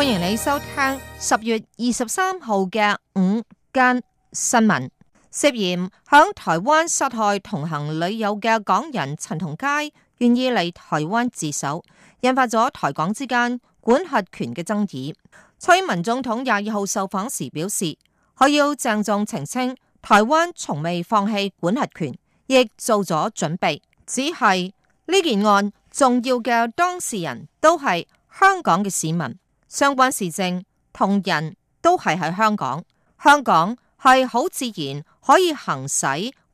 歡迎你收聽十月二十三號嘅午間新聞。涉嫌喺台灣殺害同行女友嘅港人陳同佳願意嚟台灣自首，引發咗台港之間管轄權嘅爭議。蔡英文總統廿二號受訪時表示，佢要鄭重澄清，台灣從未放棄管轄權，亦做咗準備。只係呢件案重要嘅當事人都係香港嘅市民。相關事證同人都係喺香港，香港係好自然可以行使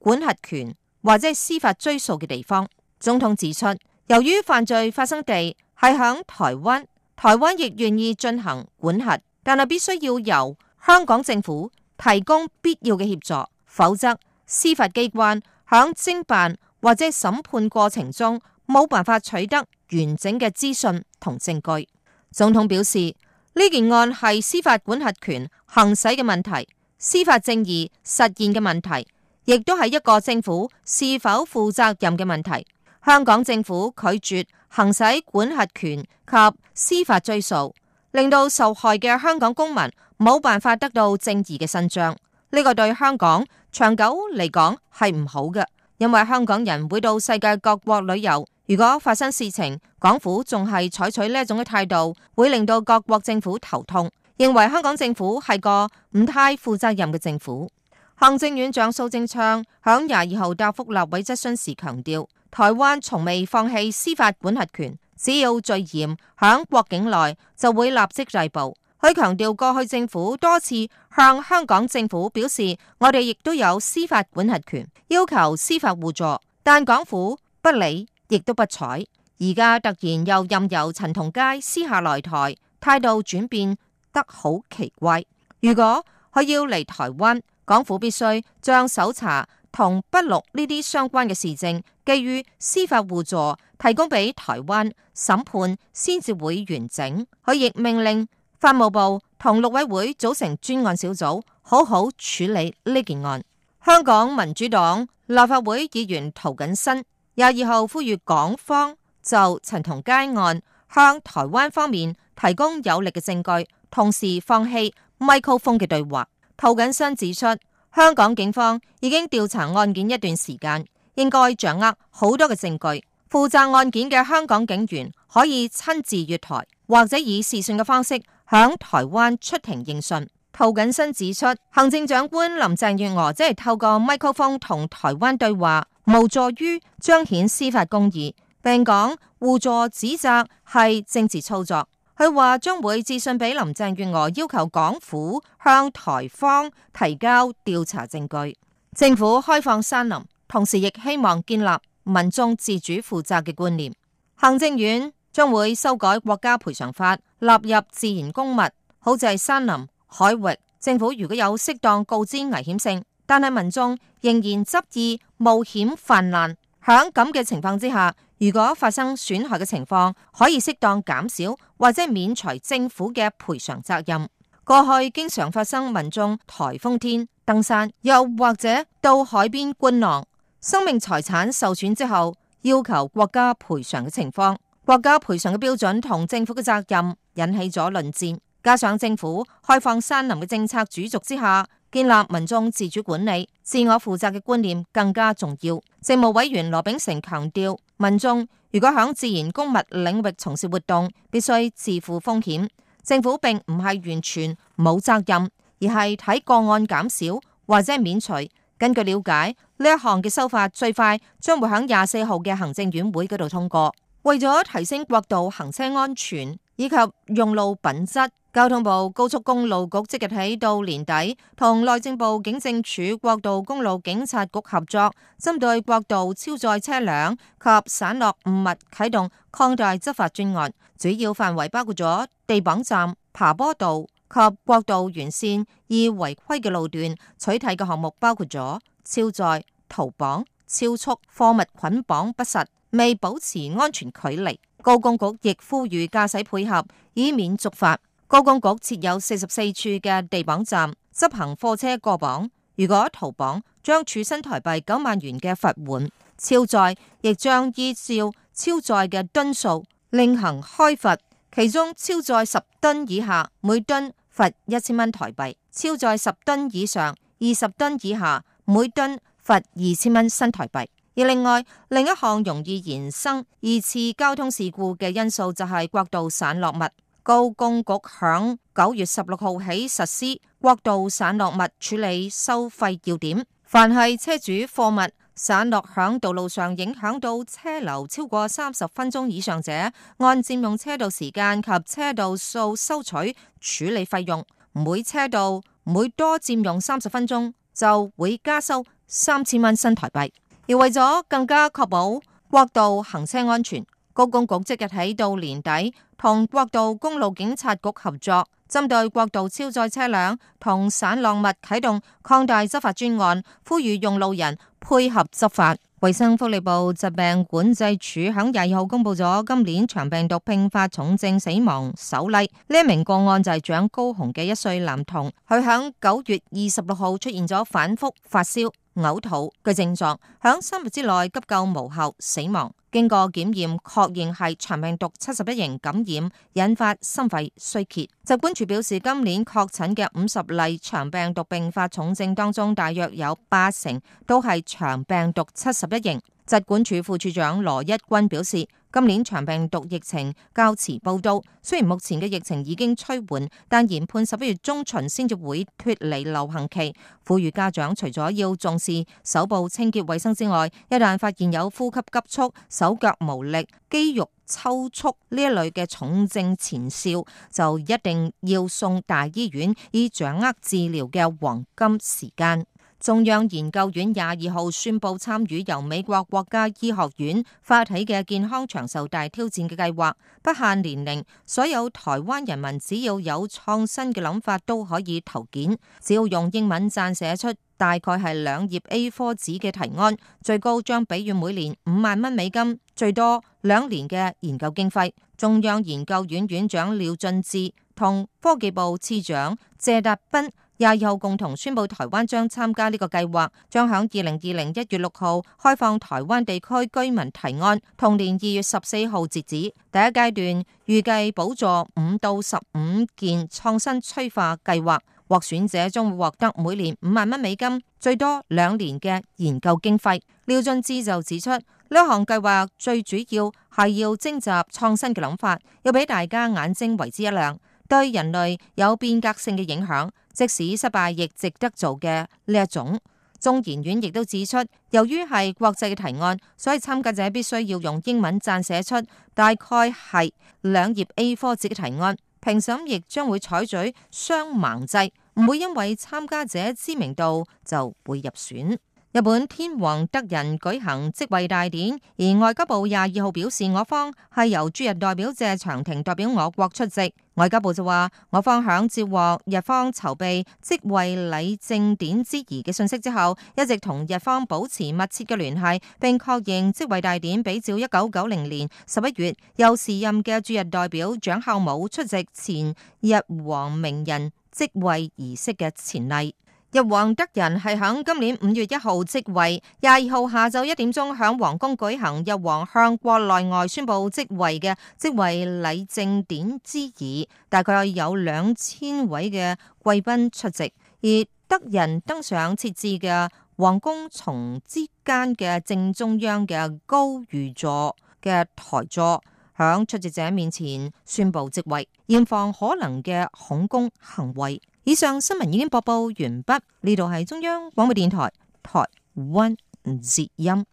管轄權或者司法追訴嘅地方。總統指出，由於犯罪發生地係響台灣，台灣亦願意進行管轄，但係必須要由香港政府提供必要嘅協助，否則司法機關響偵辦或者審判過程中冇辦法取得完整嘅資訊同證據。總統表示，呢件案係司法管轄權行使嘅問題，司法正義實現嘅問題，亦都係一個政府是否負責任嘅問題。香港政府拒絕行使管轄權及司法追訴，令到受害嘅香港公民冇辦法得到正義嘅伸張，呢、這個對香港長久嚟講係唔好嘅，因為香港人會到世界各國旅遊。如果發生事情，港府仲係採取呢一種嘅態度，會令到各國政府頭痛，認為香港政府係個唔太負責任嘅政府。行政院長蘇貞昌響廿二號答覆立委質詢時強調，台灣從未放棄司法管轄權，只要罪嫌響國境內，就會立即逮捕。佢強調，過去政府多次向香港政府表示，我哋亦都有司法管轄權，要求司法互助，但港府不理。亦都不睬，而家突然又任由陳同佳私下來台，態度轉變得好奇怪。如果佢要嚟台灣，港府必須將搜查同筆錄呢啲相關嘅事證，基於司法互助提供俾台灣審判，先至會完整。佢亦命令法務部同陸委會組成專案小組，好好處理呢件案。香港民主黨立法會議員塗謹申。廿二號呼籲港方就陳同佳案向台灣方面提供有力嘅證據，同時放棄咪高峰嘅對話。涂謹申指出，香港警方已經調查案件一段時間，應該掌握好多嘅證據。負責案件嘅香港警員可以親自越台，或者以視訊嘅方式響台灣出庭應訊。涂謹申指出，行政長官林鄭月娥即係透過咪高峰同台灣對話。無助於彰顯司法公義，並講互助指責係政治操作。佢話將會致信俾林鄭月娥，要求港府向台方提交調查證據。政府開放山林，同時亦希望建立民眾自主負責嘅觀念。行政院將會修改國家賠償法，納入自然公物，好似係山林、海域。政府如果有適當告知危險性，但係民眾仍然執意冒險泛濫，響咁嘅情況之下，如果發生損害嘅情況，可以適當減少或者免除政府嘅賠償責任。過去經常發生民眾颱風天登山，又或者到海邊觀浪，生命財產受損之後要求國家賠償嘅情況，國家賠償嘅標準同政府嘅責任引起咗論戰。加上政府開放山林嘅政策主軸之下。建立民眾自主管理、自我負責嘅觀念更加重要。政務委員羅秉成強調，民眾如果響自然公物領域從事活動，必須自負風險。政府並唔係完全冇責任，而係睇個案減少或者免除。根據了解，呢一項嘅修法最快將會響廿四號嘅行政院會嗰度通過。為咗提升國道行車安全，以及用路品質，交通部高速公路局即日起到年底，同內政部警政署國道公路警察局合作，針對國道超載車輛及散落物物啟動擴大執法專案。主要範圍包括咗地磅站、爬坡道及國道沿線易違規嘅路段。取締嘅項目包括咗超載、逃磅、超速、貨物捆綁不實、未保持安全距離。高公局亦呼籲駕駛配合，以免觸法。高公局設有四十四處嘅地磅站，執行貨車過磅。如果逃磅，將處新台幣九萬元嘅罰鍰。超載亦將依照超載嘅噸數另行開罰，其中超載十噸以下每噸罰一千蚊台幣，超載十噸以上二十噸以下每噸罰二千蚊新台幣。而另外另一項容易延伸二次交通事故嘅因素就係國道散落物。高公局響九月十六號起實施國道散落物處理收費要點，凡係車主貨物散落響道路上，影響到車流超過三十分鐘以上者，按佔用車道時間及車道數收取處理費用。每車道每多佔用三十分鐘就會加收三千蚊新台幣。而為咗更加確保國道行車安全，高公局即日起到年底，同國道公路警察局合作，針對國道超載車輛同散落物啟動擴大執法專案，呼籲用路人配合執法。衛生福利部疾病管制處喺廿二號公布咗今年腸病毒併發重症死亡首例，呢一名個案就係長高雄嘅一歲男童，佢喺九月二十六號出現咗反覆發燒、嘔吐嘅症狀，喺三日之內急救無效死亡，經過檢驗確認係腸病毒七十一型感染引發心肺衰竭。疾管處表示，今年確診嘅五十例腸病毒並發重症當中，大約有八成都係腸病毒七十一型。疾管處副處長羅一軍表示。今年長病毒疫情較遲報道。雖然目前嘅疫情已經趨緩，但研判十一月中旬先至會脱離流行期。呼籲家長除咗要重視手部清潔衛生之外，一旦發現有呼吸急促、手腳無力、肌肉抽搐呢一類嘅重症前兆，就一定要送大醫院，以掌握治療嘅黃金時間。中央研究院廿二號宣布參與由美國國家醫學院發起嘅健康長壽大挑戰嘅計劃，不限年齡，所有台灣人民只要有創新嘅諗法都可以投件。只要用英文撰寫出大概係兩頁 A4 紙嘅提案，最高將給予每年五萬蚊美金，最多兩年嘅研究經費。中央研究院院長廖俊智同科技部次長謝達斌，也有共同宣布，台灣將參加呢個計劃，將響二零二零一月六號開放台灣地區居民提案，同年二月十四號截止。第一階段預計補助五到十五件創新催化計劃，獲選者將會獲得每年五萬蚊美金，最多兩年嘅研究經費。廖俊智就指出，呢項計劃最主要係要徵集創新嘅諗法，要俾大家眼睛爲之一亮。對人類有變革性嘅影響，即使失敗亦值得做嘅呢一種。中研院亦都指出，由於係國際嘅提案，所以參加者必須要用英文撰寫出大概係兩頁 A4 紙嘅提案。評審亦將會採取雙盲制，唔會因為參加者知名度就會入選。日本天皇德仁舉行即位大典，而外交部廿二號表示，我方係由駐日代表謝長廷代表我國出席。外交部就話，我方響接獲日方籌備即位禮正典之儀嘅信息之後，一直同日方保持密切嘅聯繫，並確認即位大典比照一九九零年十一月由時任嘅駐日代表蔣孝武出席前日皇明仁即位儀式嘅前例。日王德仁係喺今年五月一號即位，廿二號下晝一點鐘喺皇宮舉行日王向國內外宣布即位嘅即位禮正典之儀，大概有兩千位嘅貴賓出席，而德仁登上設置嘅皇宮從之間嘅正中央嘅高御座嘅台座，喺出席者面前宣布即位，嚴防可能嘅恐攻行為。以上新聞已經播報完畢，呢度係中央廣播電台，台灣之音。